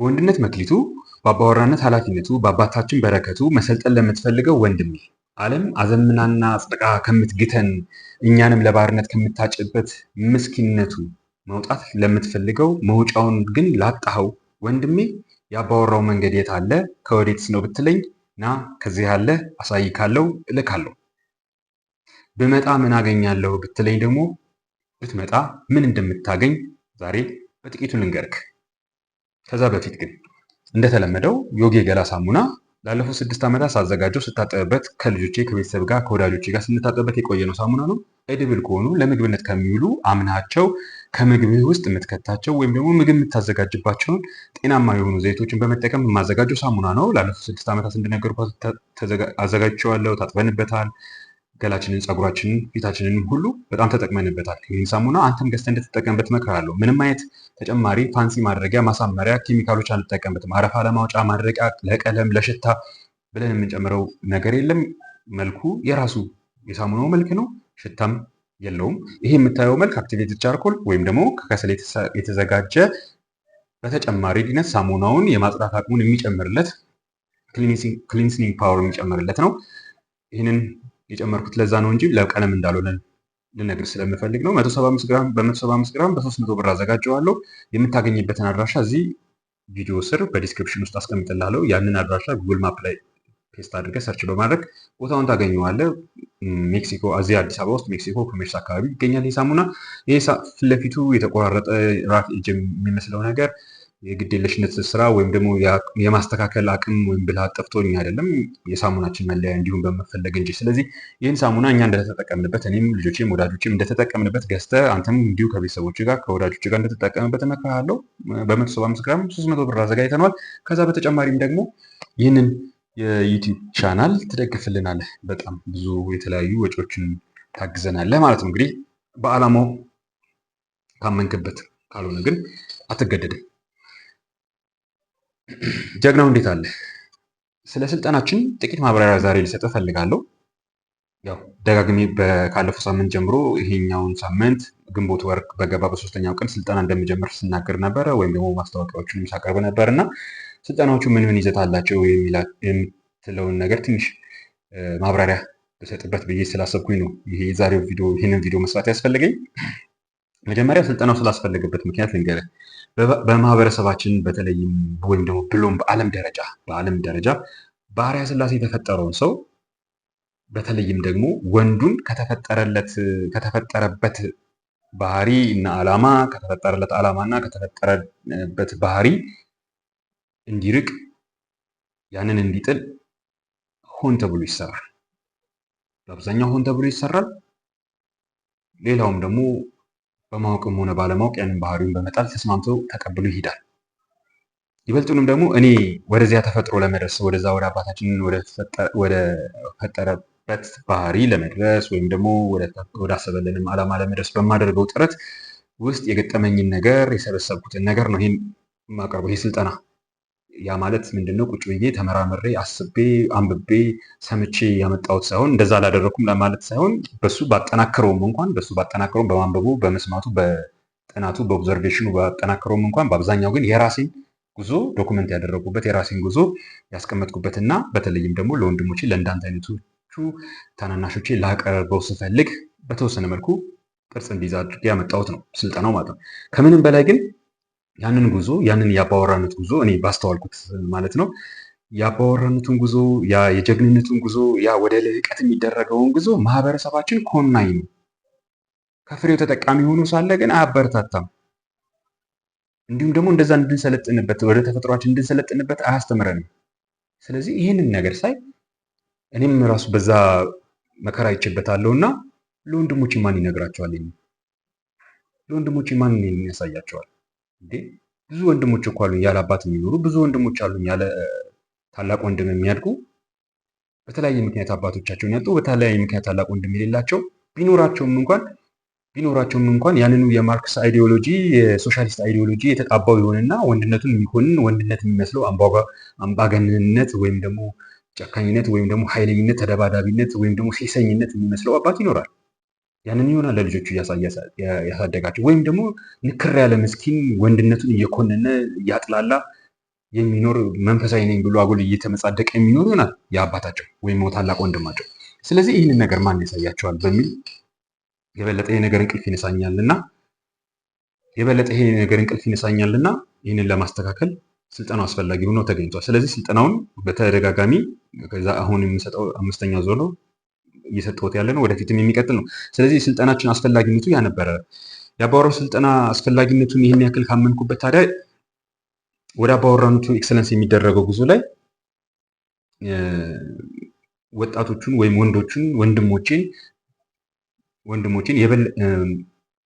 በወንድነት መክሊቱ በአባወራነት ኃላፊነቱ በአባታችን በረከቱ መሰልጠን ለምትፈልገው ወንድሜ ዓለም አዘምናና አጽድቃ ከምትግተን እኛንም ለባርነት ከምታጭበት ምስኪነቱ መውጣት ለምትፈልገው መውጫውን ግን ላጣኸው ወንድሜ የአባወራው መንገድ የት አለ? ከወዴትስ ነው ብትለኝ፣ ና ከዚህ ያለ ካለው እልካለሁ። ብመጣ ምን አገኛለሁ ብትለኝ ደግሞ ብትመጣ ምን እንደምታገኝ ዛሬ በጥቂቱ ልንገርክ። ከዛ በፊት ግን እንደተለመደው ዮጊ የገላ ሳሙና ላለፉት ስድስት ዓመታት ሳዘጋጀው ስታጠብበት ከልጆቼ ከቤተሰብ ጋር ከወዳጆቼ ጋር ስንታጠብበት የቆየ ነው ሳሙና ነው። ኤድብል ከሆኑ ለምግብነት ከሚውሉ አምናቸው ከምግብ ውስጥ የምትከታቸው ወይም ደግሞ ምግብ የምታዘጋጅባቸውን ጤናማ የሆኑ ዘይቶችን በመጠቀም የማዘጋጀው ሳሙና ነው። ላለፉት ስድስት ዓመታት እንደነገርኩ አዘጋጅቼዋለሁ። ታጥበንበታል። ገላችንን፣ ፀጉራችንን፣ ፊታችንንም ሁሉ በጣም ተጠቅመንበታል። ይህን ሳሙና አንተም ገዝተህ እንድትጠቀምበት እመክርሃለሁ። ምንም አይነት ተጨማሪ ፋንሲ ማድረጊያ፣ ማሳመሪያ ኬሚካሎች አንጠቀምበትም። አረፋ ለማውጫ ማድረቂያ፣ ለቀለም፣ ለሽታ ብለን የምንጨምረው ነገር የለም። መልኩ የራሱ የሳሙናው መልክ ነው። ሽታም የለውም። ይሄ የምታየው መልክ አክቲቬትድ ቻርኮል ወይም ደግሞ ከከሰል የተዘጋጀ በተጨማሪ ድነት ሳሙናውን የማጽዳት አቅሙን የሚጨምርለት ክሊንሲንግ ፓወር የሚጨምርለት ነው። ይህንን የጨመርኩት ለዛ ነው እንጂ ለቀለም እንዳልሆነ ልነግር ስለምፈልግ ነው። በ175 ግራም በ300 ብር አዘጋጀዋለሁ። የምታገኝበትን አድራሻ እዚህ ቪዲዮ ስር በዲስክሪፕሽን ውስጥ አስቀምጥላለሁ። ያንን አድራሻ ጉግል ማፕ ላይ ፔስት አድርገ ሰርች በማድረግ ቦታውን ታገኘዋለህ። ሜክሲኮ እዚህ አዲስ አበባ ውስጥ ሜክሲኮ ኮሜርስ አካባቢ ይገኛል ይህ ሳሙና። ይህ ፊት ለፊቱ የተቆራረጠ ራፍ ኤጅ የሚመስለው ነገር የግዴለሽነት ስራ ወይም ደግሞ የማስተካከል አቅም ወይም ብልሃት ጠፍቶኝ አይደለም፣ የሳሙናችን መለያ እንዲሁም በመፈለግ እንጂ። ስለዚህ ይህን ሳሙና እኛ እንደተጠቀምንበት እኔም ልጆቼም ወዳጆችም እንደተጠቀምንበት ገዝተ አንተም እንዲሁ ከቤተሰቦች ጋር ከወዳጆች ጋር እንደተጠቀምበት እመክርሃለሁ። በመቶ ሰባ አምስት ግራም ሶስት መቶ ብር አዘጋጅተነዋል። ከዛ በተጨማሪም ደግሞ ይህንን የዩቲዩብ ቻናል ትደግፍልናለህ። በጣም ብዙ የተለያዩ ወጪዎችን ታግዘናለህ ማለት ነው። እንግዲህ በዓላማው ካመንክበት፣ ካልሆነ ግን አትገደድም። ጀግናው እንዴት አለ? ስለ ስልጠናችን ጥቂት ማብራሪያ ዛሬ ሊሰጠ እፈልጋለሁ። ያው ደጋግሜ ካለፈው ሳምንት ጀምሮ ይሄኛውን ሳምንት ግንቦት ወር በገባ በሶስተኛው ቀን ስልጠና እንደምጀምር ስናገር ነበረ፣ ወይም ደግሞ ማስታወቂያዎችን ሳቀርብ ነበር እና ስልጠናዎቹ ምን ምን ይዘት አላቸው የምትለውን ነገር ትንሽ ማብራሪያ ብሰጥበት ብዬ ስላሰብኩኝ ነው ይሄ የዛሬው ቪዲዮ ይህንን ቪዲዮ መስራት ያስፈልገኝ። መጀመሪያ ስልጠናው ስላስፈለገበት ምክንያት ልንገርህ። በማህበረሰባችን በተለይም ወይም ደግሞ ብሎም በዓለም ደረጃ በዓለም ደረጃ ባህሪያ ስላሴ የተፈጠረውን ሰው በተለይም ደግሞ ወንዱን ከተፈጠረለት ከተፈጠረበት ባህሪ እና ዓላማ ከተፈጠረለት ዓላማ እና ከተፈጠረበት ባህሪ እንዲርቅ ያንን እንዲጥል ሆን ተብሎ ይሰራል። በአብዛኛው ሆን ተብሎ ይሰራል። ሌላውም ደግሞ በማወቅም ሆነ ባለማወቅ ያንን ባህሪውን በመጣል ተስማምቶ ተቀብሎ ይሄዳል። ይበልጡንም ደግሞ እኔ ወደዚያ ተፈጥሮ ለመድረስ ወደዛ ወደ አባታችን ወደ ፈጠረበት ባህሪ ለመድረስ ወይም ደግሞ ወደ አሰበልንም ዓላማ ለመድረስ በማደርገው ጥረት ውስጥ የገጠመኝን ነገር የሰበሰብኩትን ነገር ነው ይህን ማቀርበው ይህ ስልጠና ያ ማለት ምንድነው? ቁጭ ብዬ ተመራምሬ አስቤ አንብቤ ሰምቼ ያመጣሁት ሳይሆን እንደዛ አላደረኩም ለማለት ሳይሆን በሱ ባጠናከረውም እንኳን በሱ ባጠናከረውም በማንበቡ በመስማቱ በጥናቱ በኦብዘርቬሽኑ ባጠናከረውም እንኳን በአብዛኛው ግን የራሴን ጉዞ ዶኩመንት ያደረጉበት የራሴን ጉዞ ያስቀመጥኩበትና እና በተለይም ደግሞ ለወንድሞቼ ለእንዳንተ አይነቶቹ ታናናሾቼ ላቀርበው ስፈልግ በተወሰነ መልኩ ቅርጽ እንዲይዝ አድርጌ ያመጣሁት ነው ስልጠናው ማለት ነው። ከምንም በላይ ግን ያንን ጉዞ ያንን የአባወራነት ጉዞ እኔ ባስተዋልኩት ማለት ነው የአባወራነቱን ጉዞ ያ የጀግንነቱን ጉዞ ያ ወደ ልዕቀት የሚደረገውን ጉዞ ማህበረሰባችን ኮናኝ ነው። ከፍሬው ተጠቃሚ ሆኖ ሳለ ግን አያበረታታም። እንዲሁም ደግሞ እንደዛ እንድንሰለጥንበት ወደ ተፈጥሯችን እንድንሰለጥንበት አያስተምረንም። ስለዚህ ይህንን ነገር ሳይ እኔም ራሱ በዛ መከራ ይችበታለሁ እና ለወንድሞች ማን ይነግራቸዋል? ለወንድሞች ማን ያሳያቸዋል? ብዙ ወንድሞች እኮ አሉኝ ያለ አባት የሚኖሩ ብዙ ወንድሞች አሉኝ ያለ ታላቅ ወንድም የሚያድጉ በተለያየ ምክንያት አባቶቻቸውን ያጡ፣ በተለያየ ምክንያት ታላቅ ወንድም የሌላቸው ቢኖራቸውም እንኳን ቢኖራቸውም እንኳን ያንኑ የማርክስ አይዲዮሎጂ የሶሻሊስት አይዲዮሎጂ የተጣባው የሆነና ወንድነቱን የሚኮንን ወንድነት የሚመስለው አምባገንነት ወይም ደግሞ ጨካኝነት ወይም ደግሞ ኃይለኝነት፣ ተደባዳቢነት ወይም ደግሞ ሴሰኝነት የሚመስለው አባት ይኖራል። ያንን ይሆናል ለልጆቹ ያሳደጋቸው። ወይም ደግሞ ንክር ያለ ምስኪን ወንድነቱን እየኮነነ እያጥላላ የሚኖር መንፈሳዊ ነኝ ብሎ አጉል እየተመጻደቀ የሚኖር ይሆናል የአባታቸው ወይም ታላቅ ወንድማቸው። ስለዚህ ይህንን ነገር ማን ያሳያቸዋል በሚል የበለጠ ይሄ ነገር እንቅልፍ ይነሳኛልና የበለጠ ይሄ ነገር እንቅልፍ ይነሳኛልና ይህንን ለማስተካከል ስልጠናው አስፈላጊ ሆኖ ተገኝቷል። ስለዚህ ስልጠናውን በተደጋጋሚ ከዛ አሁን የምሰጠው አምስተኛ ዞር ነው። እየሰጠሁት ያለ ነው። ወደፊትም የሚቀጥል ነው። ስለዚህ የስልጠናችን አስፈላጊነቱ ያ ነበረ። የአባወራው ስልጠና አስፈላጊነቱን ይህን ያክል ካመንኩበት ታዲያ ወደ አባወራነቱ ኤክሰለንስ የሚደረገው ጉዞ ላይ ወጣቶቹን ወይም ወንዶቹን ወንድሞቼን ወንድሞቼን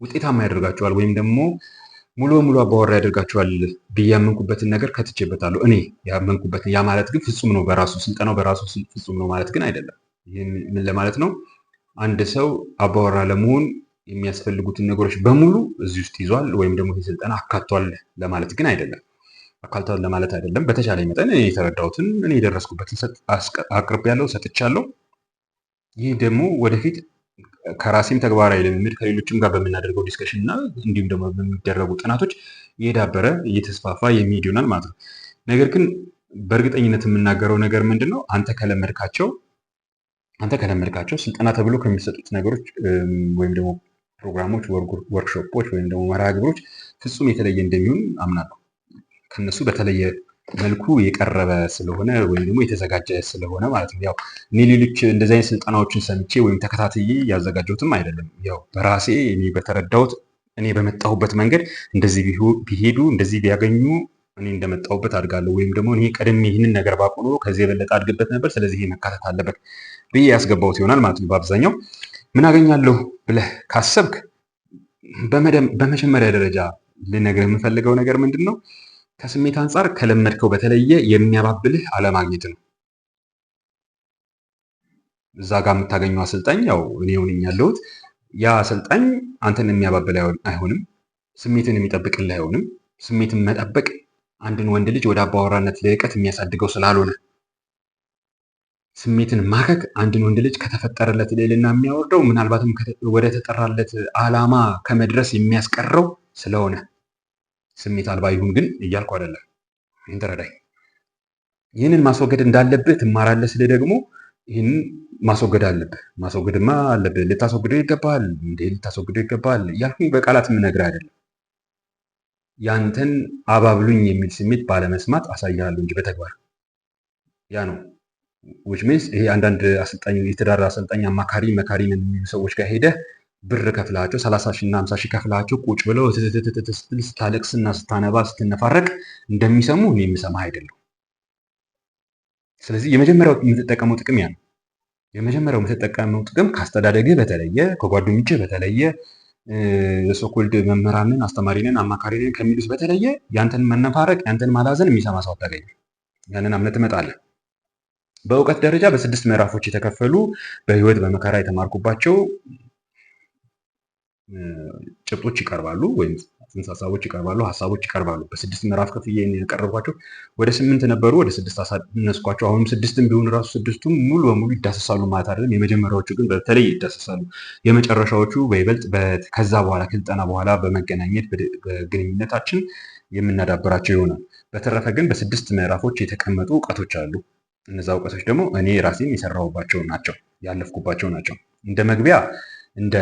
ውጤታማ ያደርጋቸዋል ወይም ደግሞ ሙሉ በሙሉ አባወራ ያደርጋቸዋል ብዬ ያመንኩበትን ነገር ከትቼበታለሁ። እኔ ያመንኩበትን ያ ማለት ግን ፍጹም ነው በራሱ ስልጠናው በራሱ ፍጹም ነው ማለት ግን አይደለም። ምን ለማለት ነው? አንድ ሰው አባወራ ለመሆን የሚያስፈልጉትን ነገሮች በሙሉ እዚህ ውስጥ ይዟል ወይም ደግሞ ይህ ስልጠና አካቷል ለማለት ግን አይደለም። አካቷል ለማለት አይደለም። በተቻለ መጠን እኔ የተረዳሁትን እኔ የደረስኩበትን ሰጥቻ ሰጥቻለሁ። ይህ ደግሞ ወደፊት ከራሴም ተግባራዊ ልምምድ ከሌሎችም ጋር በምናደርገው ዲስከሽን እና እንዲሁም ደግሞ በሚደረጉ ጥናቶች እየዳበረ እየተስፋፋ የሚሄድ ይሆናል ማለት ነው። ነገር ግን በእርግጠኝነት የምናገረው ነገር ምንድን ነው አንተ ከለመድካቸው አንተ ከለመድካቸው ስልጠና ተብሎ ከሚሰጡት ነገሮች ወይም ደግሞ ፕሮግራሞች፣ ወርክሾፖች ወይም ደግሞ መርሃ ግብሮች ፍጹም የተለየ እንደሚሆን አምናለሁ። ከነሱ በተለየ መልኩ የቀረበ ስለሆነ ወይም ደግሞ የተዘጋጀ ስለሆነ ማለት ነው። ያው እኔ ሌሎች እንደዚህ አይነት ስልጠናዎችን ሰምቼ ወይም ተከታትዬ ያዘጋጀሁትም አይደለም። ያው በራሴ እኔ በተረዳሁት እኔ በመጣሁበት መንገድ እንደዚህ ቢሄዱ እንደዚህ ቢያገኙ እኔ እንደመጣሁበት አድጋለሁ ወይም ደግሞ እኔ ቀድሜ ይህንን ነገር ባቆኖ ከዚህ የበለጠ አድግበት ነበር። ስለዚህ መካተት አለበት ብዬ ያስገባሁት ይሆናል ማለት ነው። በአብዛኛው ምን አገኛለሁ ብለህ ካሰብክ በመጀመሪያ ደረጃ ልነግርህ የምፈልገው ነገር ምንድን ነው? ከስሜት አንጻር ከለመድከው በተለየ የሚያባብልህ አለማግኘት ነው። እዛ ጋር የምታገኘው አሰልጣኝ ያው እኔ ሆነኝ ያለሁት ያ አሰልጣኝ አንተን የሚያባብል አይሆንም። ስሜትን የሚጠብቅልህ አይሆንም። ስሜትን መጠበቅ አንድን ወንድ ልጅ ወደ አባወራነት ልዕቀት የሚያሳድገው ስላልሆነ ስሜትን ማከክ አንድን ወንድ ልጅ ከተፈጠረለት ሌልና የሚያወርደው ምናልባትም ወደ ተጠራለት ዓላማ ከመድረስ የሚያስቀረው ስለሆነ ስሜት አልባ ይሁን ግን እያልኩ አይደለም። ይህን ይህንን ማስወገድ እንዳለብህ ትማራለህ ስለ ደግሞ ይህን ማስወገድ አለብህ። ማስወገድማ አለብህ። ልታስወግደው ይገባል። እንዴ ልታስወግደው ይገባል እያልኩኝ በቃላት የምነግርህ አይደለም። ያንተን አባብሉኝ የሚል ስሜት ባለመስማት አሳያለሁ እንጂ በተግባር ያ ነው ዊች ሚንስ ይሄ አንዳንድ አሰልጣኝ የተዳራ አሰልጣኝ አማካሪ መካሪ የሚሉ ሰዎች ጋር ሄደ ብር ከፍላቸው ሰላሳ ሺ እና ሀምሳ ሺ ከፍላቸው ቁጭ ብለው ስትል ስታለቅስና ስታነባ ስትነፋረቅ እንደሚሰሙ እኔ የምሰማ አይደለሁ። ስለዚህ የመጀመሪያው የምትጠቀመው ጥቅም ያ ነው። የመጀመሪያው የምትጠቀመው ጥቅም ከአስተዳደግህ በተለየ ከጓደኞችህ በተለየ የሶኮልድ መምህራንን አስተማሪንን አማካሪንን ከሚሉስ በተለየ ያንተን መነፋረቅ ያንተን ማላዘን የሚሰማ ሰው አታገኝም። ያንን አምነት ትመጣለህ። በእውቀት ደረጃ በስድስት ምዕራፎች የተከፈሉ በህይወት በመከራ የተማርኩባቸው ጭብጦች ይቀርባሉ ወይም ጽንሰ ሀሳቦች ይቀርባሉ፣ ሀሳቦች ይቀርባሉ። በስድስት ምዕራፍ ከፍዬ የቀረብኳቸው ወደ ስምንት ነበሩ፣ ወደ ስድስት አሳነስኳቸው። አሁንም ስድስትም ቢሆን እራሱ ስድስቱም ሙሉ በሙሉ ይዳሰሳሉ ማለት አይደለም። የመጀመሪያዎቹ ግን በተለይ ይዳሰሳሉ። የመጨረሻዎቹ በይበልጥ ከዛ በኋላ ከስልጠና በኋላ በመገናኘት በግንኙነታችን የምናዳብራቸው ይሆናል። በተረፈ ግን በስድስት ምዕራፎች የተቀመጡ እውቀቶች አሉ። እነዛ እውቀቶች ደግሞ እኔ ራሴም የሰራሁባቸው ናቸው፣ ያለፍኩባቸው ናቸው። እንደ መግቢያ እንደ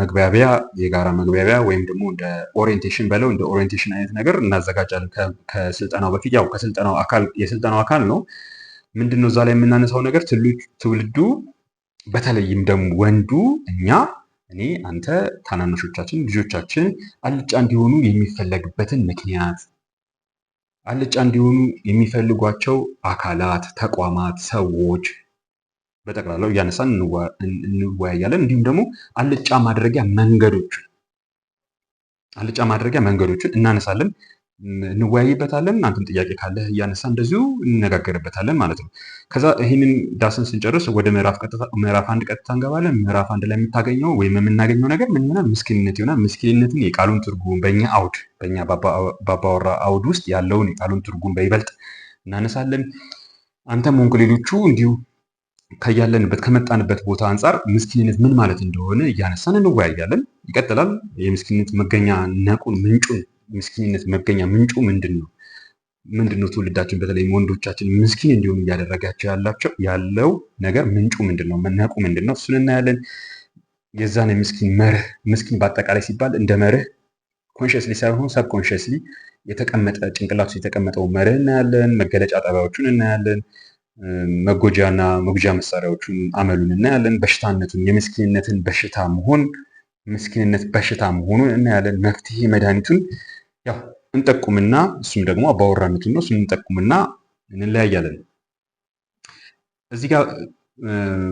መግባቢያ የጋራ መግቢያቢያ ወይም ደግሞ እንደ ኦሪየንቴሽን በለው እንደ ኦሪንቴሽን አይነት ነገር እናዘጋጃለን ከስልጠናው በፊት ያው ከስልጠናው አካል የስልጠናው አካል ነው። ምንድን ነው እዛ ላይ የምናነሳው ነገር ትውልዱ በተለይም ደግሞ ወንዱ እኛ እኔ አንተ ታናናሾቻችን ልጆቻችን አልጫ እንዲሆኑ የሚፈለግበትን ምክንያት አልጫ እንዲሆኑ የሚፈልጓቸው አካላት፣ ተቋማት፣ ሰዎች በጠቅላላው እያነሳን እንወያያለን። እንዲሁም ደግሞ አልጫ ማድረጊያ መንገዶችን አልጫ ማድረጊያ መንገዶችን እናነሳለን። እንወያይበታለን። እናንተም ጥያቄ ካለ እያነሳ እንደዚሁ እንነጋገርበታለን ማለት ነው። ከዛ ይህንን ዳስን ስንጨርስ ወደ ምዕራፍ አንድ ቀጥታ እንገባለን። ምዕራፍ አንድ ላይ የምታገኘው ወይም የምናገኘው ነገር ምን ይሆናል? ምስኪንነት ይሆናል። ምስኪንነትን የቃሉን ትርጉም በእኛ አውድ በእኛ ባባወራ አውድ ውስጥ ያለውን የቃሉን ትርጉም በይበልጥ እናነሳለን። አንተም ሆንክ ሌሎቹ እንዲሁ ከያለንበት ከመጣንበት ቦታ አንጻር ምስኪንነት ምን ማለት እንደሆነ እያነሳን እንወያያለን። ይቀጥላል። የምስኪንነት መገኛ ነቁን ምንጩን ምስኪንነት መገኛ ምንጩ ምንድን ነው? ምንድን ነው ትውልዳችን በተለይም ወንዶቻችን ምስኪን እንዲሆኑ እያደረጋቸው ያላቸው ያለው ነገር ምንጩ ምንድን ነው? መናቁ ምንድን ነው? እሱን እናያለን። የዛን ምስኪን መርህ ምስኪን በአጠቃላይ ሲባል እንደ መርህ ኮንሽስሊ ሳይሆን ሰብኮንሽስሊ የተቀመጠ ጭንቅላት የተቀመጠው መርህ እናያለን። መገለጫ ጠባዮቹን እናያለን። መጎጃና መጉጃ መሳሪያዎቹን አመሉን እናያለን። በሽታነቱን የምስኪንነትን በሽታ መሆን ምስኪንነት በሽታ መሆኑን እናያለን። መፍትሄ መድኃኒቱን ያው እንጠቁምና እሱም ደግሞ አባወራነቱን ነው። እሱን እንጠቁምና እንለያያለን። እዚህ ጋር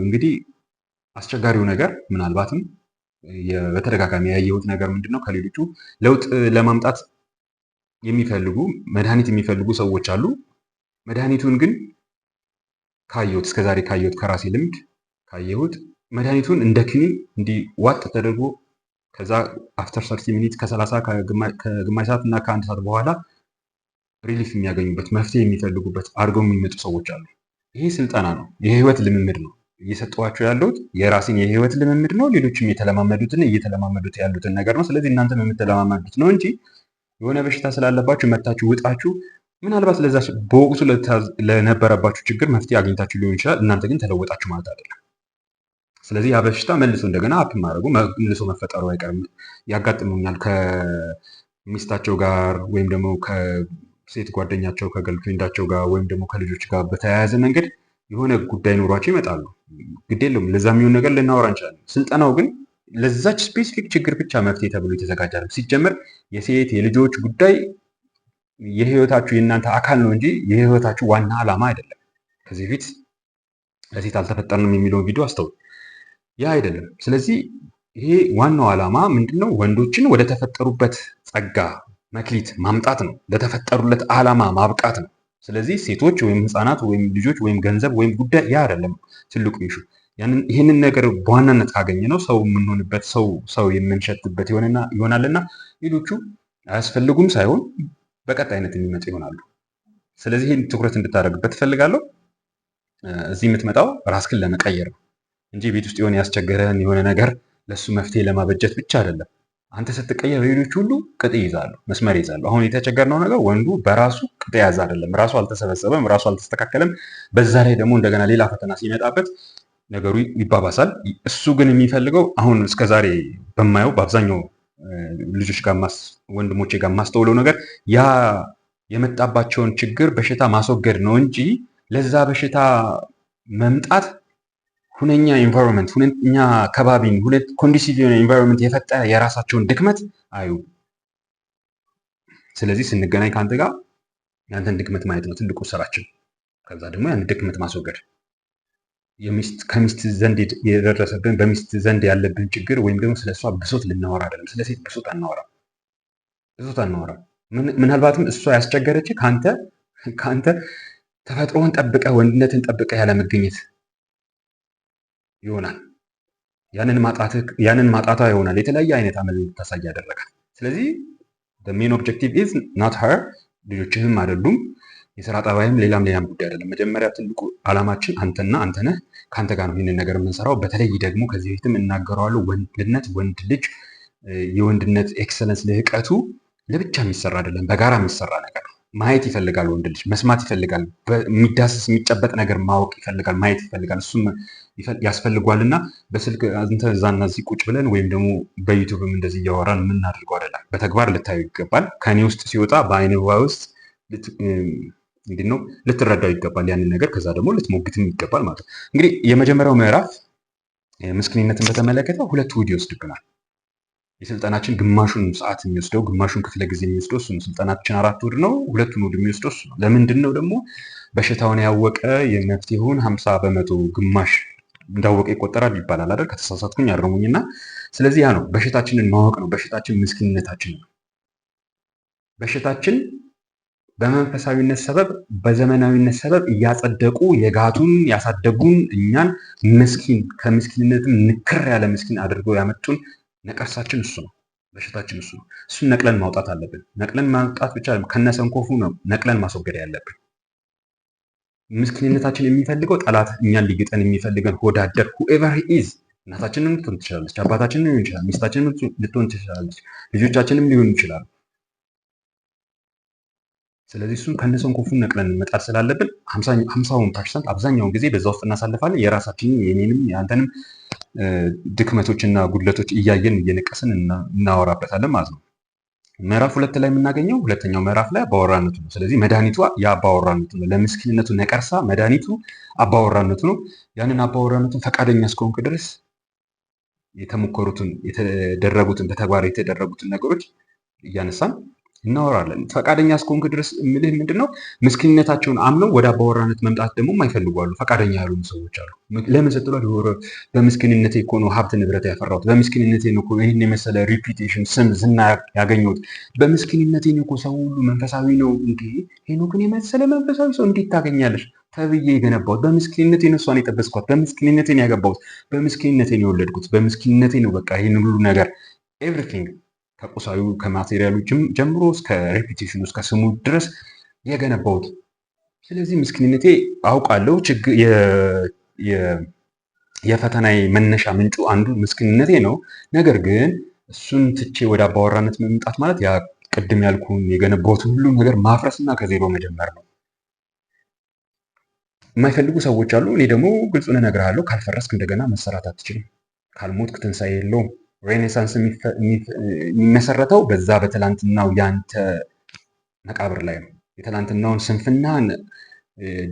እንግዲህ አስቸጋሪው ነገር ምናልባትም በተደጋጋሚ ያየሁት ነገር ምንድን ነው፣ ከሌሎቹ ለውጥ ለማምጣት የሚፈልጉ መድኃኒት የሚፈልጉ ሰዎች አሉ። መድኃኒቱን ግን ካየሁት እስከዛሬ ካየሁት ከራሴ ልምድ ካየሁት መድኃኒቱን እንደ ክኒን እንዲህ ዋጥ ተደርጎ ከዛ አፍተር ሰርቲ ሚኒት ከ30 ከግማሽ ሰዓት እና ከአንድ ሰዓት በኋላ ሪሊፍ የሚያገኙበት መፍትሄ የሚፈልጉበት አድርገው የሚመጡ ሰዎች አሉ። ይሄ ስልጠና ነው፣ የህይወት ልምምድ ነው እየሰጠኋቸው ያለሁት የራሴን የህይወት ልምምድ ነው። ሌሎችም የተለማመዱትን እየተለማመዱት ያሉትን ነገር ነው። ስለዚህ እናንተም የምትለማመዱት ነው እንጂ የሆነ በሽታ ስላለባችሁ መታችሁ ውጣችሁ ምናልባት ለዛ በወቅቱ ለነበረባችሁ ችግር መፍትሄ አግኝታችሁ ሊሆን ይችላል። እናንተ ግን ተለወጣችሁ ማለት አይደለም። ስለዚህ ያ በሽታ መልሶ እንደገና አፕ ማድረጉ መልሶ መፈጠሩ አይቀርም። ያጋጥመኛል ከሚስታቸው ጋር ወይም ደግሞ ከሴት ጓደኛቸው ከገልፍሬንዳቸው ጋር ወይም ደግሞ ከልጆች ጋር በተያያዘ መንገድ የሆነ ጉዳይ ኑሯቸው ይመጣሉ። ግድ የለም ለዛ የሚሆን ነገር ልናወራ እንችላለን። ስልጠናው ግን ለዛች ስፔሲፊክ ችግር ብቻ መፍትሄ ተብሎ የተዘጋጃል። ሲጀመር የሴት የልጆች ጉዳይ የህይወታችሁ የእናንተ አካል ነው እንጂ የህይወታችሁ ዋና ዓላማ አይደለም። ከዚህ ፊት ለሴት አልተፈጠርንም የሚለውን ቪዲዮ አስተውል። ያ አይደለም። ስለዚህ ይሄ ዋናው ዓላማ ምንድነው? ወንዶችን ወደ ተፈጠሩበት ጸጋ መክሊት ማምጣት ነው። ለተፈጠሩለት ዓላማ ማብቃት ነው። ስለዚህ ሴቶች ወይም ህፃናት ወይም ልጆች ወይም ገንዘብ ወይም ጉዳይ ያ አይደለም ትልቁ ኢሹ። ይህንን ነገር በዋናነት ካገኘ ነው ሰው የምንሆንበት ሰው ሰው የምንሸትበት ይሆናልና ሌሎቹ አያስፈልጉም ሳይሆን በቀጣይነት የሚመጡ ይሆናሉ። ስለዚህ ይህን ትኩረት እንድታደርግበት ፈልጋለሁ እዚህ የምትመጣው ራስክን ለመቀየር ነው። እንጂ ቤት ውስጥ የሆነ ያስቸገረን የሆነ ነገር ለሱ መፍትሄ ለማበጀት ብቻ አይደለም። አንተ ስትቀየር ሌሎች ሁሉ ቅጥ ይይዛሉ፣ መስመር ይይዛሉ። አሁን የተቸገርነው ነገር ወንዱ በራሱ ቅጥ የያዘ አይደለም። ራሱ አልተሰበሰበም፣ ራሱ አልተስተካከለም። በዛ ላይ ደግሞ እንደገና ሌላ ፈተና ሲመጣበት ነገሩ ይባባሳል። እሱ ግን የሚፈልገው አሁን እስከዛሬ በማየው በአብዛኛው ልጆች ጋር ወንድሞቼ ጋር የማስተውለው ነገር ያ የመጣባቸውን ችግር በሽታ ማስወገድ ነው እንጂ ለዛ በሽታ መምጣት ሁነኛ ኢንቫይሮንመንት ሁነኛ ከባቢን ሁነት ኮንዲሲቭ የሆነ ኢንቫይሮንመንት የፈጠረ የራሳቸውን ድክመት አዩ። ስለዚህ ስንገናኝ ከአንተ ጋር ያንተን ድክመት ማየት ነው ትልቁ ስራችን። ከዛ ደግሞ ያን ድክመት ማስወገድ ከሚስት ዘንድ የደረሰብን በሚስት ዘንድ ያለብን ችግር ወይም ደግሞ ስለሷ ብሶት ልናወራ አይደለም። ስለ ሴት ብሶት አናወራም፣ ብሶት አናወራም። ምናልባትም እሷ ያስቸገረች ከአንተ ከአንተ ተፈጥሮን ጠብቀ ወንድነትን ጠብቀ ያለመገኘት ይሆናል። ያንን ማጣቷ ይሆናል የተለያየ አይነት አመል እንድታሳይ ያደረጋል። ስለዚህ ሜን ኦብጀክቲቭ ኢዝ ናት ሀር ልጆችህም አይደሉም የስራ ጠባይም ሌላም ሌላም ጉዳይ አይደለም። መጀመሪያ ትልቁ አላማችን አንተና አንተነ ከአንተ ጋር ነው ይህንን ነገር የምንሰራው። በተለይ ደግሞ ከዚህ በፊትም እናገረዋለሁ፣ ወንድነት ወንድ ልጅ የወንድነት ኤክሰለንስ ልህቀቱ ለብቻ የሚሰራ አይደለም፣ በጋራ የሚሰራ ነገር ነው። ማየት ይፈልጋል ወንድ ልጅ መስማት ይፈልጋል፣ የሚዳሰስ የሚጨበጥ ነገር ማወቅ ይፈልጋል፣ ማየት ይፈልጋል። እሱም ያስፈልጓልና በስልክ አንተ እዛና እዚህ ቁጭ ብለን ወይም ደግሞ በዩቱብም እንደዚህ እያወራን የምናደርገው አይደለም። በተግባር ልታዩ ይገባል። ከኔ ውስጥ ሲወጣ በአይንባ ውስጥ እንግዲህ ነው ልትረዳው ይገባል ያንን ነገር። ከዛ ደግሞ ልትሞግትም ይገባል ማለት ነው። እንግዲህ የመጀመሪያው ምዕራፍ ምስኪንነትን በተመለከተ ሁለት ቪዲዮ ይወስድብናል። የስልጠናችን ግማሹን ሰዓት የሚወስደው ግማሹን ክፍለ ጊዜ የሚወስደው እሱ ነው። ስልጠናችን አራት ውድ ነው፣ ሁለቱን ውድ የሚወስደው እሱ ነው። ለምንድን ነው ደግሞ በሽታውን ያወቀ የመፍትሄውን ሀምሳ በመቶ ግማሽ እንዳወቀ ይቆጠራል ይባላል አይደል? ከተሳሳትኩኝ አረሙኝና፣ ስለዚህ ያ ነው በሽታችንን ማወቅ ነው። በሽታችን ምስኪንነታችን ነው። በሽታችን በመንፈሳዊነት ሰበብ በዘመናዊነት ሰበብ እያጸደቁ የጋቱን ያሳደጉን እኛን ምስኪን ከምስኪንነትም ንክር ያለ ምስኪን አድርገው ያመጡን ነቀርሳችን እሱ ነው። በሽታችን እሱ ነው። እሱን ነቅለን ማውጣት አለብን። ነቅለን ማውጣት ብቻ ከነሰንኮፉ ነው ነቅለን ማስወገድ ያለብን። ምስኪንነታችን የሚፈልገው ጠላት እኛን ሊግጠን የሚፈልገን ሆዳደር ሁኤቨር ኢዝ እናታችንም ልትሆን ትችላለች፣ አባታችንም ሊሆን ይችላል፣ ሚስታችንም ልትሆን ትችላለች፣ ልጆቻችንም ሊሆን ይችላል። ስለዚህ እሱም ከነሰን ኮፉን ነቅለን መጣል ስላለብን ሀምሳውን ፐርሰንት አብዛኛውን ጊዜ በዛ ውስጥ እናሳልፋለን። የራሳችንን የኔንም የአንተንም ድክመቶችና ጉድለቶች እያየን እየነቀስን እናወራበታለን ማለት ነው። ምዕራፍ ሁለት ላይ የምናገኘው ሁለተኛው ምዕራፍ ላይ አባወራነቱ ነው። ስለዚህ መድኃኒቱ የአባወራነቱ ነው። ለምስኪንነቱ ነቀርሳ መድኃኒቱ አባወራነቱ ነው። ያንን አባወራነቱን ፈቃደኛ እስከሆንክ ድረስ የተሞከሩትን የተደረጉትን በተግባር የተደረጉትን ነገሮች እያነሳን እናወራለን። ፈቃደኛ እስከሆንክ ድረስ የምልህ ምንድን ነው፣ ምስኪንነታቸውን አምነው ወደ አባወራነት መምጣት ደግሞ የማይፈልጉ አሉ። ፈቃደኛ ያሉ ሰዎች አሉ። ለምን ስትሏል፣ በምስኪንነቴ እኮ ነው ሀብት ንብረት ያፈራሁት፣ በምስኪንነቴ ነው እኮ ይህን የመሰለ ሪፒቴሽን፣ ስም፣ ዝና ያገኘሁት፣ በምስኪንነቴ ነው እኮ ሰው ሁሉ መንፈሳዊ ነው። እንዲ ሄኖክን የመሰለ መንፈሳዊ ሰው እንዴት ታገኛለች ተብዬ የገነባሁት በምስኪንነቴ ነው እሷን የጠበስኳት፣ በምስኪንነቴ ነው ያገባሁት፣ በምስኪንነቴ ነው የወለድኩት፣ በምስኪንነቴ ነው በቃ ይህን ሁሉ ነገር ኤቭሪቲንግ ከቁሳዊ ከማቴሪያሉ ጀምሮ እስከ ሬፒቴሽኑ እስከ ስሙ ድረስ የገነባውት ስለዚህ ምስኪንነቴ አውቃለሁ። የፈተና መነሻ ምንጩ አንዱ ምስኪንነቴ ነው። ነገር ግን እሱን ትቼ ወደ አባወራነት መምጣት ማለት ያ ቅድም ያልኩን የገነባውትን ሁሉ ነገር ማፍረስና ከዜሮ መጀመር ነው። የማይፈልጉ ሰዎች አሉ። እኔ ደግሞ ግልጹን እነግርሃለሁ፣ ካልፈረስክ እንደገና መሰራት አትችልም፣ ካልሞትክ ትንሣኤ የለውም። ሬኔሳንስ የሚመሰረተው በዛ በትላንትናው ያንተ መቃብር ላይ ነው። የትላንትናውን ስንፍናን፣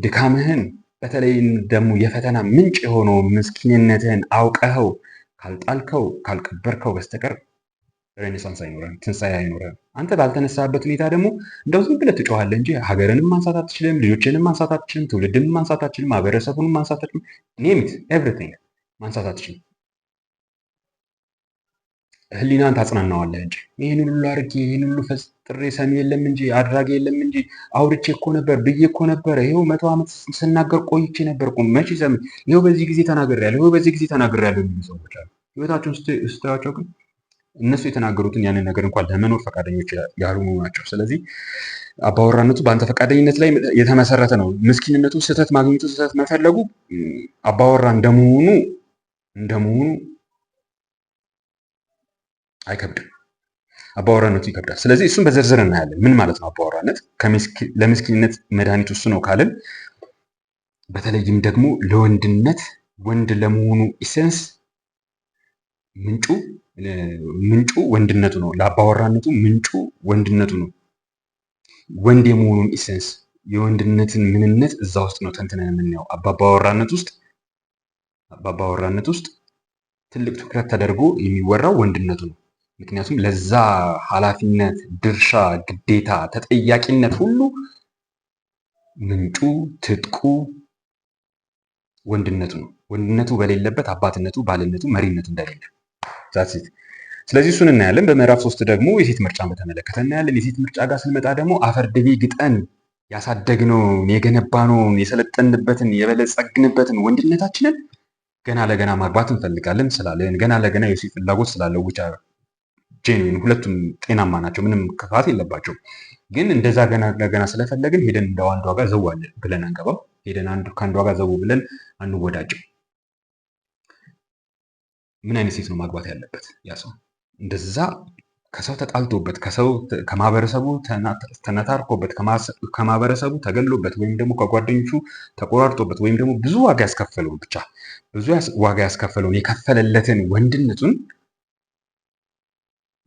ድካምህን በተለይ ደግሞ የፈተና ምንጭ የሆነው ምስኪንነትህን አውቀኸው ካልጣልከው ካልቀበርከው በስተቀር ሬኔሳንስ አይኖረም፣ ትንሳኤ አይኖረም። አንተ ባልተነሳበት ሁኔታ ደግሞ እንደው ዝም ብለህ ትጮኻለህ እንጂ ሀገርንም ማንሳት አትችልም፣ ልጆችንም ማንሳት አትችልም፣ ትውልድንም ማንሳት አትችልም፣ ማህበረሰቡንም ማንሳት አትችልም፣ ኔሚት ኤቭሪቲንግ ማንሳት አትችልም። ህሊናን ታጽናናዋለህ እንጂ ይህን ሁሉ አድርጌ ይህን ሁሉ ፈጥሬ ሰሚ የለም እንጂ አድራጊ የለም እንጂ አውርቼ እኮ ነበር ብዬ እኮ ነበር። ይኸው መቶ ዓመት ስናገር ቆይቼ ነበር እኮ መቼ ሰሚ ይኸው በዚህ ጊዜ ተናግሬያለሁ፣ ይኸው በዚህ ጊዜ ተናግሬያለሁ የሚሉ ሰዎች አሉ። ህይወታቸውን ስትራቸው ግን እነሱ የተናገሩትን ያንን ነገር እንኳን ለመኖር ፈቃደኞች ያልሆኑ ናቸው። ስለዚህ አባወራነቱ በአንተ ፈቃደኝነት ላይ የተመሰረተ ነው። ምስኪንነቱ ስህተት ማግኘቱ ስህተት መፈለጉ አባወራ እንደመሆኑ እንደመሆኑ አይከብድም። አባወራነቱ ይከብዳል። ስለዚህ እሱን በዝርዝር እናያለን። ምን ማለት ነው አባወራነት? ለምስኪንነት መድኃኒት እሱ ነው ካልን በተለይም ደግሞ ለወንድነት ወንድ ለመሆኑ ኢሴንስ ምንጩ ምንጩ ወንድነቱ ነው። ለአባወራነቱ ምንጩ ወንድነቱ ነው። ወንድ የመሆኑን ኢሴንስ የወንድነትን ምንነት እዛ ውስጥ ነው ተንትነን የምናየው። አባባወራነት ውስጥ አባባወራነት ውስጥ ትልቅ ትኩረት ተደርጎ የሚወራው ወንድነቱ ነው። ምክንያቱም ለዛ ኃላፊነት፣ ድርሻ፣ ግዴታ፣ ተጠያቂነት ሁሉ ምንጩ ትጥቁ ወንድነቱ ነው። ወንድነቱ በሌለበት አባትነቱ፣ ባልነቱ፣ መሪነቱ እንደሌለ ዛት ስለዚህ እሱን እናያለን። በምዕራፍ ሶስት ደግሞ የሴት ምርጫን በተመለከተ እናያለን። የሴት ምርጫ ጋር ስንመጣ ደግሞ አፈርድቤ ግጠን ያሳደግነውን የገነባነውን የሰለጠንበትን የበለጸግንበትን ወንድነታችንን ገና ለገና ማግባት እንፈልጋለን ስላለን ገና ለገና የሴት ፍላጎት ስላለው ብቻ ጄኒን ሁለቱም ጤናማ ናቸው፣ ምንም ክፋት የለባቸው። ግን እንደዛ ገና ለገና ስለፈለግን ሄደን እንደ አንዱ ዋጋ ዘው ብለን አንገባም። ሄደን ከአንዱ ዋጋ ዘው ብለን አንወዳጅም። ምን አይነት ሴት ነው ማግባት ያለበት? ያ ሰው እንደዛ ከሰው ተጣልቶበት ከሰው ከማህበረሰቡ ተነታርኮበት ከማህበረሰቡ ተገሎበት ወይም ደግሞ ከጓደኞቹ ተቆራርጦበት ወይም ደግሞ ብዙ ዋጋ ያስከፈለውን ብቻ ብዙ ዋጋ ያስከፈለውን የከፈለለትን ወንድነቱን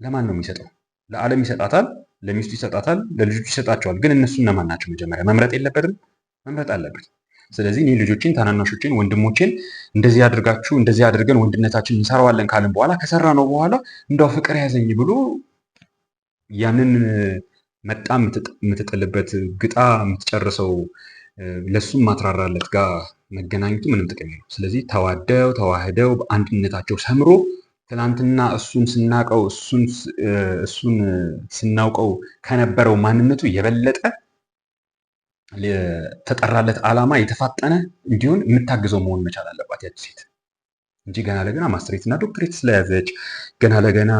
ለማን ነው የሚሰጠው? ለዓለም ይሰጣታል፣ ለሚስቱ ይሰጣታል፣ ለልጆቹ ይሰጣቸዋል። ግን እነሱ እነማን ናቸው? መጀመሪያ መምረጥ የለበትም? መምረጥ አለበት። ስለዚህ እኔ ልጆችን፣ ታናናሾችን፣ ወንድሞችን እንደዚህ አድርጋችሁ እንደዚህ አድርገን ወንድነታችን እንሰራዋለን ካለን በኋላ ከሰራ ነው በኋላ እንደው ፍቅር ያዘኝ ብሎ ያንን መጣ የምትጥልበት ግጣ የምትጨርሰው ለሱም ማትራራለት ጋር መገናኘቱ ምንም ጥቅም ነው። ስለዚህ ተዋደው ተዋህደው በአንድነታቸው ሰምሮ ትናንትና እሱን ስናውቀው እሱን ስናውቀው ከነበረው ማንነቱ የበለጠ ተጠራለት ዓላማ የተፋጠነ እንዲሆን የምታግዘው መሆን መቻል አለባት ያች ሴት እንጂ ገና ለገና ማስትሬት እና ዶክትሬት ስለያዘች ገና ለገና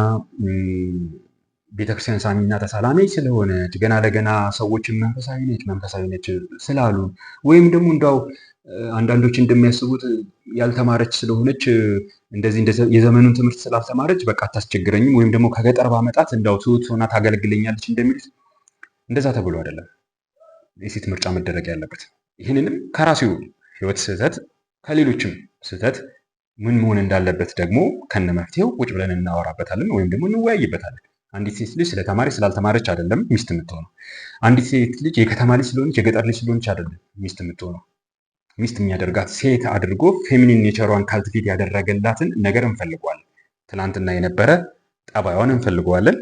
ቤተክርስቲያን ሳሚና ተሳላሜ ስለሆነች ገና ለገና ሰዎችን መንፈሳዊ ነች መንፈሳዊ ነች ስላሉ ወይም ደግሞ እንዳው አንዳንዶች እንደሚያስቡት ያልተማረች ስለሆነች እንደዚህ የዘመኑን ትምህርት ስላልተማረች በቃ አታስቸግረኝም ወይም ደግሞ ከገጠር ባመጣት እንዳው ትሁት ሆና ታገለግለኛለች እንደሚሉት እንደዛ ተብሎ አይደለም የሴት ምርጫ መደረግ ያለበት። ይህንንም ከራሲው ህይወት ስህተት ከሌሎችም ስህተት ምን መሆን እንዳለበት ደግሞ ከነ መፍትሄው ቁጭ ብለን እናወራበታለን ወይም ደግሞ እንወያይበታለን። አንዲት ሴት ልጅ ስለተማሪ ስላልተማረች አይደለም ሚስት የምትሆነው። አንዲት ሴት ልጅ የከተማ ልጅ ስለሆነች የገጠር ልጅ ስለሆነች አይደለም ሚስት የምትሆነው። ሚስት የሚያደርጋት ሴት አድርጎ ፌሚኒን ኔቸሯን ካልቲቬት ያደረገላትን ነገር እንፈልገዋለን። ትናንትና የነበረ ጠባዩዋን እንፈልገዋለን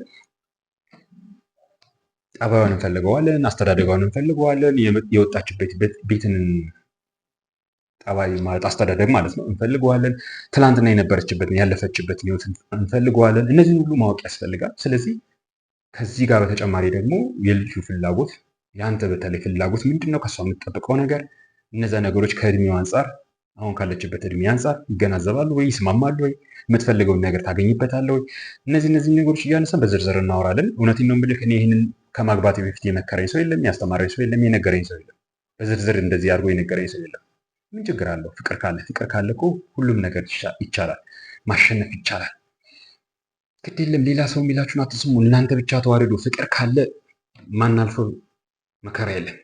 ጠባዩን እንፈልገዋለን፣ አስተዳደጓን እንፈልገዋለን፣ የወጣችበት ቤትን ጠባይ ማለት አስተዳደግ ማለት ነው እንፈልገዋለን። ትላንትና የነበረችበትን ያለፈችበትን ህይወት እንፈልገዋለን። እነዚህን ሁሉ ማወቅ ያስፈልጋል። ስለዚህ ከዚህ ጋር በተጨማሪ ደግሞ የልጁ ፍላጎት፣ የአንተ በተለይ ፍላጎት ምንድን ነው? ከሷ የምትጠብቀው ነገር እነዚያ ነገሮች ከእድሜው አንጻር አሁን ካለችበት እድሜ አንጻር ይገናዘባሉ ወይ? ይስማማሉ ወይ? የምትፈልገውን ነገር ታገኝበታለ ወይ? እነዚህ እነዚህ ነገሮች እያነሳን በዝርዝር እናወራለን። እውነቴን ነው የምልህ እኔ ይህንን ከማግባት በፊት የመከረኝ ሰው የለም፣ ያስተማረኝ ሰው የለም፣ የነገረኝ ሰው የለም። በዝርዝር እንደዚህ አድርጎ የነገረኝ ሰው የለም። ምን ችግር አለው? ፍቅር ካለ ፍቅር ካለ እኮ ሁሉም ነገር ይቻላል፣ ማሸነፍ ይቻላል። ግድ የለም ሌላ ሰው የሚላችሁን አትስሙ፣ እናንተ ብቻ ተዋደዱ። ፍቅር ካለ ማናልፈው መከራ የለም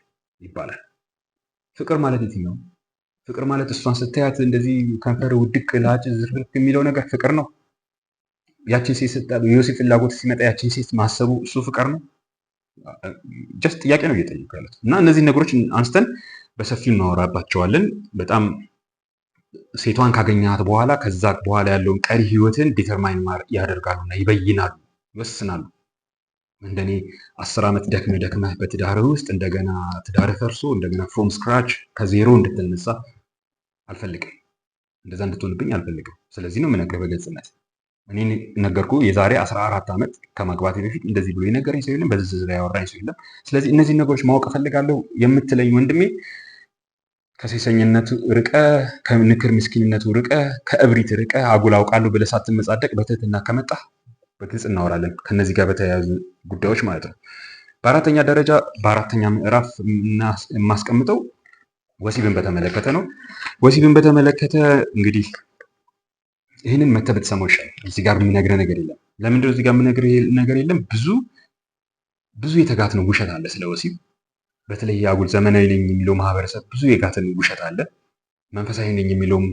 ይባላል። ፍቅር ማለት የትኛው ፍቅር ማለት እሷን ስታያት እንደዚህ ከንፈር ውድቅ ላጭ ዝርክ የሚለው ነገር ፍቅር ነው? ያችን ሴት የወሲብ ፍላጎት ሲመጣ ያችን ሴት ማሰቡ እሱ ፍቅር ነው? ጀስት ጥያቄ ነው እየጠየቁ ያሉት እና እነዚህ ነገሮች አንስተን በሰፊው እናወራባቸዋለን። በጣም ሴቷን ካገኛት በኋላ ከዛ በኋላ ያለውን ቀሪ ህይወትን ዲተርማይን ያደርጋሉና ይበይናሉ፣ ይወስናሉ። እንደኔ አስር ዓመት ደክመ ደክመህ በትዳርህ ውስጥ እንደገና ትዳርህ ፈርሶ እንደገና ፍሮም ስክራች ከዜሮ እንድትነሳ አልፈልግም። እንደዛ እንድትሆንብኝ አልፈልግም። ስለዚህ ነው የምነግርህ በግልጽነት። እኔ ነገርኩ የዛሬ 14 ዓመት ከማግባቴ በፊት እንደዚህ ብሎ የነገረኝ ሰው የለም። በዚህ ዙሪያ ያወራኝ ሰው የለም። ስለዚህ እነዚህ ነገሮች ማወቅ እፈልጋለሁ የምትለኝ ወንድሜ ከሴሰኝነቱ ርቀ ከንክር ምስኪንነቱ ርቀ ከእብሪት ርቀ አጉል አውቃለሁ ብለህ ሳትመጻደቅ በትህትና ከመጣህ በግልጽ እናወራለን ከነዚህ ጋር በተያያዙ ጉዳዮች ማለት ነው። በአራተኛ ደረጃ በአራተኛ ምዕራፍ የማስቀምጠው ወሲብን በተመለከተ ነው። ወሲብን በተመለከተ እንግዲህ ይህንን መተህ ብትሰማው ይሻላል። እዚህ ጋር የምነግርህ ነገር የለም። ለምንድነው እዚህ ጋር የምነግርህ ነገር የለም? ብዙ ብዙ የተጋት ነው ውሸት አለ ስለ ወሲብ። በተለይ አጉል ዘመናዊ ነኝ የሚለው ማህበረሰብ ብዙ የጋትን ውሸት አለ። መንፈሳዊ ነኝ የሚለውም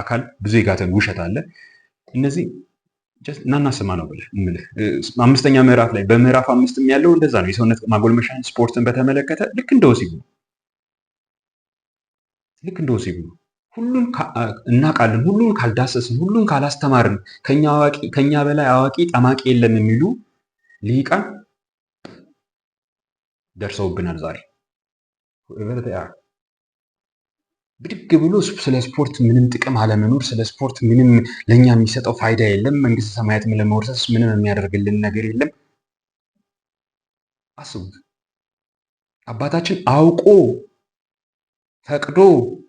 አካል ብዙ የጋትን ውሸት አለ። እነዚህ እናና ስማ ነው ብለህ አምስተኛ ምዕራፍ ላይ በምዕራፍ አምስትም ያለው እንደዛ ነው። የሰውነት ማጎልመሻን ስፖርትን በተመለከተ ልክ እንደ ወሲብ ነው። ልክ እንደ ወሲብ ነው። ሁሉን እናውቃለን፣ ሁሉን ካልዳሰስን፣ ሁሉን ካላስተማርን ከኛ በላይ አዋቂ ጠማቂ የለም የሚሉ ሊቃን ደርሰውብናል ዛሬ ብድግ ብሎ ስለ ስፖርት ምንም ጥቅም አለመኖር፣ ስለ ስፖርት ምንም ለእኛ የሚሰጠው ፋይዳ የለም፣ መንግስተ ሰማያትም ለመውረስ ምንም የሚያደርግልን ነገር የለም። አስቡት። አባታችን አውቆ ፈቅዶ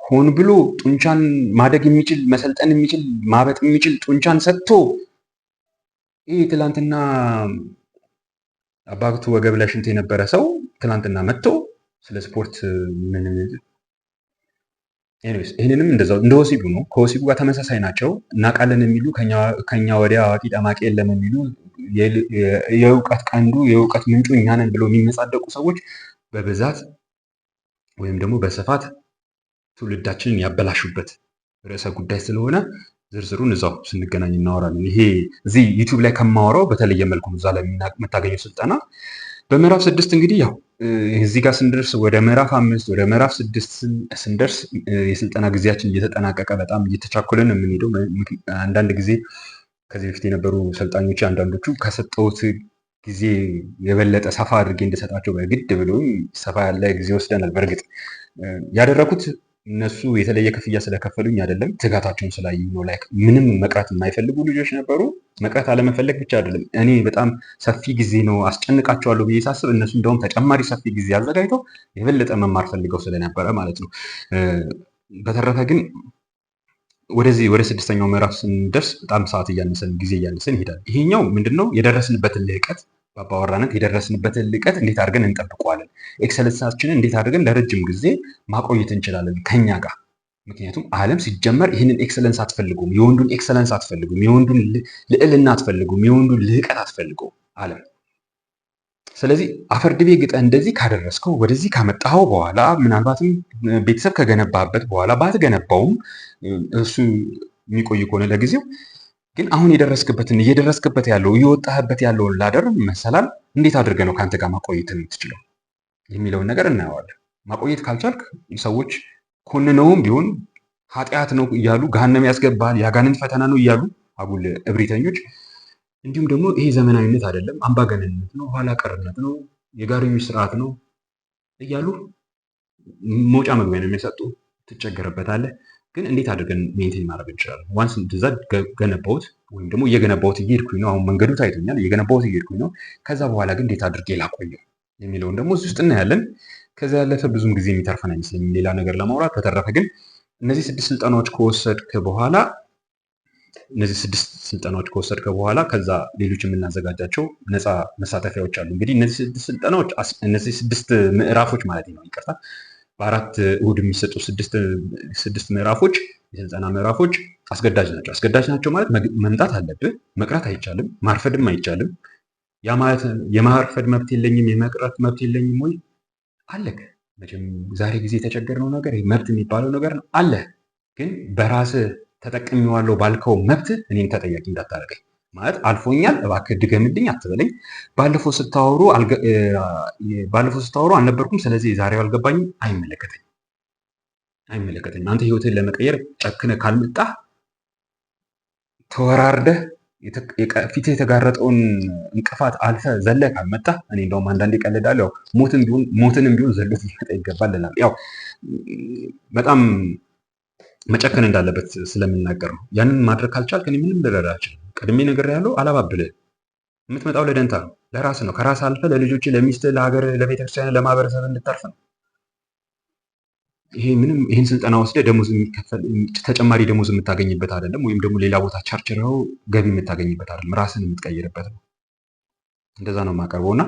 ሆን ብሎ ጡንቻን ማደግ የሚችል መሰልጠን የሚችል ማበጥ የሚችል ጡንቻን ሰጥቶ ይህ ትላንትና አባቱ ወገብ ላይ ሽንት የነበረ ሰው ትላንትና መጥቶ ስለ ስፖርት ምንም ኤኒዌይስ ይህንንም እንደዛው እንደ ወሲቡ ነው። ከወሲቡ ጋር ተመሳሳይ ናቸው። እናውቃለን የሚሉ ከኛ ወዲያ አዋቂ ጠማቂ የለም የሚሉ የእውቀት ቀንዱ የእውቀት ምንጩ እኛ ነን ብለው የሚመጻደቁ ሰዎች በብዛት ወይም ደግሞ በስፋት ትውልዳችንን ያበላሹበት ርዕሰ ጉዳይ ስለሆነ ዝርዝሩን እዛው ስንገናኝ እናወራለን። ይሄ እዚህ ዩቲዩብ ላይ ከማወራው በተለየ መልኩ እዛ ላይ የምታገኘው ስልጠና በምዕራፍ ስድስት እንግዲህ ያው እዚህ ጋር ስንደርስ ወደ ምዕራፍ አምስት ወደ ምዕራፍ ስድስት ስንደርስ የስልጠና ጊዜያችን እየተጠናቀቀ በጣም እየተቻኮልን የምንሄደው አንዳንድ ጊዜ ከዚህ በፊት የነበሩ ሰልጣኞች አንዳንዶቹ ከሰጠሁት ጊዜ የበለጠ ሰፋ አድርጌ እንደሰጣቸው በግድ ብሎ ሰፋ ያለ ጊዜ ወስደናል። በእርግጥ ያደረኩት እነሱ የተለየ ክፍያ ስለከፈሉኝ አይደለም፣ ትጋታቸውን ስላዩ ነው። ላይክ ምንም መቅረት የማይፈልጉ ልጆች ነበሩ። መቅረት አለመፈለግ ብቻ አይደለም፣ እኔ በጣም ሰፊ ጊዜ ነው አስጨንቃቸዋለሁ ብዬ ሳስብ እነሱ እንደውም ተጨማሪ ሰፊ ጊዜ አዘጋጅተው የበለጠ መማር ፈልገው ስለነበረ ማለት ነው። በተረፈ ግን ወደዚህ ወደ ስድስተኛው ምዕራፍ ስንደርስ በጣም ሰዓት እያነሰን ጊዜ እያነሰን ይሄዳል። ይሄኛው ምንድን ነው የደረስንበትን ልህቀት ባባወራን የደረስንበትን ልቀት እንዴት አድርገን እንጠብቀዋለን? ኤክሰለንሳችንን እንዴት አድርገን ለረጅም ጊዜ ማቆየት እንችላለን ከኛ ጋር ምክንያቱም ዓለም ሲጀመር ይህንን ኤክሰለንስ አትፈልጉም። የወንዱን ኤክሰለንስ አትፈልጉም። የወንዱን ልዕልና አትፈልጉም። የወንዱን ልህቀት አትፈልጉም ዓለም። ስለዚህ አፈር ድቤ ግጠ እንደዚህ ካደረስከው ወደዚህ ካመጣኸው በኋላ ምናልባትም ቤተሰብ ከገነባበት በኋላ ባትገነባውም እሱ የሚቆይ ከሆነ ለጊዜው ግን አሁን የደረስክበትን እየደረስክበት ያለው እየወጣህበት ያለውን ላደር መሰላል እንዴት አድርገ ነው ከአንተ ጋር ማቆየት የምትችለው የሚለውን ነገር እናየዋለን። ማቆየት ካልቻልክ ሰዎች ኮንነውም ቢሆን ኃጢአት ነው እያሉ ገሃነም ያስገባል፣ የአጋንንት ፈተና ነው እያሉ አጉል እብሪተኞች፣ እንዲሁም ደግሞ ይሄ ዘመናዊነት አይደለም አምባገነንነት ነው፣ ኋላ ቀርነት ነው፣ የጋርዮሽ ስርዓት ነው እያሉ መውጫ መግቢያ ነው የሚያሰጡ። ትጨገርበታለህ። ግን እንዴት አድርገን ሜንቴን ማድረግ እንችላለን? ዋንስ እንደዛ ገነባሁት ወይም ደግሞ እየገነባሁት እየሄድኩኝ ነው። አሁን መንገዱ ታይቶኛል፣ እየገነባሁት እየሄድኩኝ ነው። ከዛ በኋላ ግን እንዴት አድርጌ ላቆየው የሚለውን ደግሞ እዚህ ውስጥ እናያለን። ከዛ ያለፈ ብዙም ጊዜ የሚተርፈን አይመስለኝም ሌላ ነገር ለማውራት። በተረፈ ግን እነዚህ ስድስት ስልጠናዎች ከወሰድክ በኋላ እነዚህ ስድስት ስልጠናዎች ከወሰድክ በኋላ ከዛ ሌሎች የምናዘጋጃቸው ነፃ መሳተፊያዎች አሉ። እንግዲህ እነዚህ ስድስት ስልጠናዎች እነዚህ ስድስት ምዕራፎች ማለት ነው፣ ይቅርታ በአራት እሁድ የሚሰጡ ስድስት ምዕራፎች የስልጠና ምዕራፎች አስገዳጅ ናቸው። አስገዳጅ ናቸው ማለት መምጣት አለብህ፣ መቅረት አይቻልም፣ ማርፈድም አይቻልም። ያ ማለት የማርፈድ መብት የለኝም፣ የመቅረት መብት የለኝም ወይ አለህ። መቼም ዛሬ ጊዜ የተቸገርነው ነገር መብት የሚባለው ነገር ነው አለህ። ግን በራስህ ተጠቅሜዋለሁ ባልከው መብት እኔን ተጠያቂ እንዳታደርገኝ ማለት አልፎኛል፣ እባክህ ድገምልኝ አትበለኝ። ባለፈው ስታወሩ ባለፈው ስታወሩ አልነበርኩም፣ ስለዚህ የዛሬው አልገባኝም። አይመለከተኝ አይመለከተኝ። አንተ ህይወትን ለመቀየር ጨክነ ካልመጣህ ተወራርደህ ፊት የተጋረጠውን እንቅፋት አልፈ ዘለ ካልመጣ እኔ እንደውም አንዳንድ አንዳንዴ ቀልዳለሁ። ሞትንም ቢሆን ዘሎ ሊመጣ ይገባል ላል ያው በጣም መጨከን እንዳለበት ስለምናገር ነው። ያንን ማድረግ ካልቻልክ እኔ ምንም ልረዳ አልችልም። ቀድሜ ነገር ያለው አላባብልህ። የምትመጣው ለደንታ ነው፣ ለራስ ነው። ከራስ አልፈ ለልጆች፣ ለሚስት፣ ለሀገር፣ ለቤተክርስቲያን፣ ለማህበረሰብ እንድታርፍ ነው። ይሄ ምንም ይህን ስልጠና ወስደ ደሞዝ የሚከፈል ተጨማሪ ደሞዝ የምታገኝበት አይደለም፣ ወይም ደግሞ ሌላ ቦታ ቸርችረው ገቢ የምታገኝበት አይደለም። ራስን የምትቀይርበት ነው። እንደዛ ነው የማቀርበው እና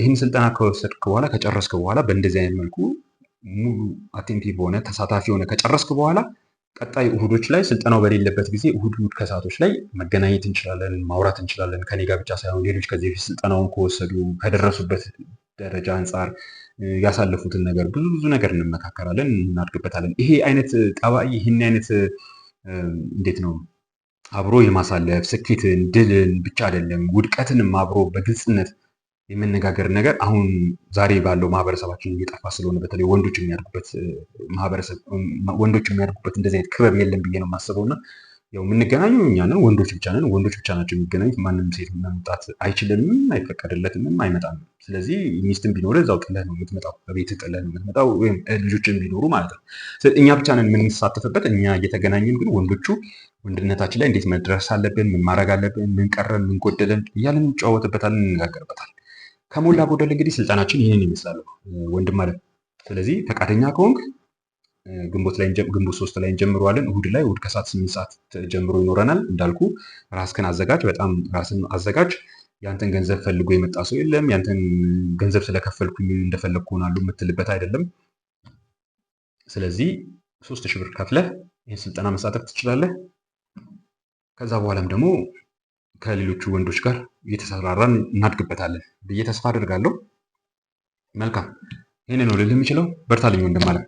ይህን ስልጠና ከወሰድክ በኋላ ከጨረስክ በኋላ በእንደዚህ አይነት መልኩ ሙሉ አቴንቲቭ ሆነ ተሳታፊ ሆነ ከጨረስክ በኋላ ቀጣይ እሁዶች ላይ ስልጠናው በሌለበት ጊዜ እሁድ እሁድ ከሰዓቶች ላይ መገናኘት እንችላለን፣ ማውራት እንችላለን። ከኔ ጋር ብቻ ሳይሆን ሌሎች ከዚህ በፊት ስልጠናውን ከወሰዱ ከደረሱበት ደረጃ አንጻር ያሳለፉትን ነገር ብዙ ብዙ ነገር እንመካከራለን፣ እናድግበታለን። ይሄ አይነት ጠባይ ይህን አይነት እንዴት ነው አብሮ የማሳለፍ ስኬትን፣ ድልን ብቻ አይደለም ውድቀትንም አብሮ በግልጽነት የመነጋገር ነገር አሁን ዛሬ ባለው ማህበረሰባችን እየጠፋ ስለሆነ በተለይ ወንዶች የሚያድጉበት ማህበረሰብ ወንዶች የሚያድጉበት እንደዚህ አይነት ክበብ የለም ብዬ ነው የማስበው እና ያው የምንገናኘው እኛ ነን፣ ወንዶች ብቻ ነን፣ ወንዶች ብቻ ናቸው የሚገናኙት። ማንም ሴት መምጣት አይችልምም፣ አይፈቀድለትምም፣ አይመጣም። ስለዚህ ሚስትም ቢኖር እዛው ጥለህ ነው የምትመጣው፣ በቤት ጥለህ ነው የምትመጣው፣ ወይም ልጆችን ቢኖሩ ማለት ነው። እኛ ብቻ ነን የምንሳተፍበት። እኛ እየተገናኘን ግን ወንዶቹ ወንድነታችን ላይ እንዴት መድረስ አለብን፣ ምን ማድረግ አለብን፣ ምን ቀረን፣ ምን ጎደለን እያለን እንጨዋወጥበታለን፣ እንነጋገርበታል። ከሞላ ጎደል እንግዲህ ስልጠናችን ይህንን ይመስላሉ ወንድም ማለት። ስለዚህ ፈቃደኛ ከሆንክ ግንቦት ላይ ግንቦት ሶስት ላይ እንጀምረዋለን። እሁድ ላይ እሁድ ከሰዓት ስምንት ሰዓት ጀምሮ ይኖረናል። እንዳልኩ ራስክን አዘጋጅ፣ በጣም ራስን አዘጋጅ። ያንተን ገንዘብ ፈልጎ የመጣ ሰው የለም። ያንተን ገንዘብ ስለከፈልኩኝ እንደፈለግ ሆናሉ የምትልበት አይደለም። ስለዚህ ሶስት ሺህ ብር ከፍለህ ይህን ስልጠና መሳተፍ ትችላለህ። ከዛ በኋላም ደግሞ ከሌሎቹ ወንዶች ጋር እየተሰራራን እናድግበታለን ብዬ ተስፋ አደርጋለሁ። መልካም፣ ይህንን ነው ልልህ የምችለው። በርታልኝ ወንድም አለ።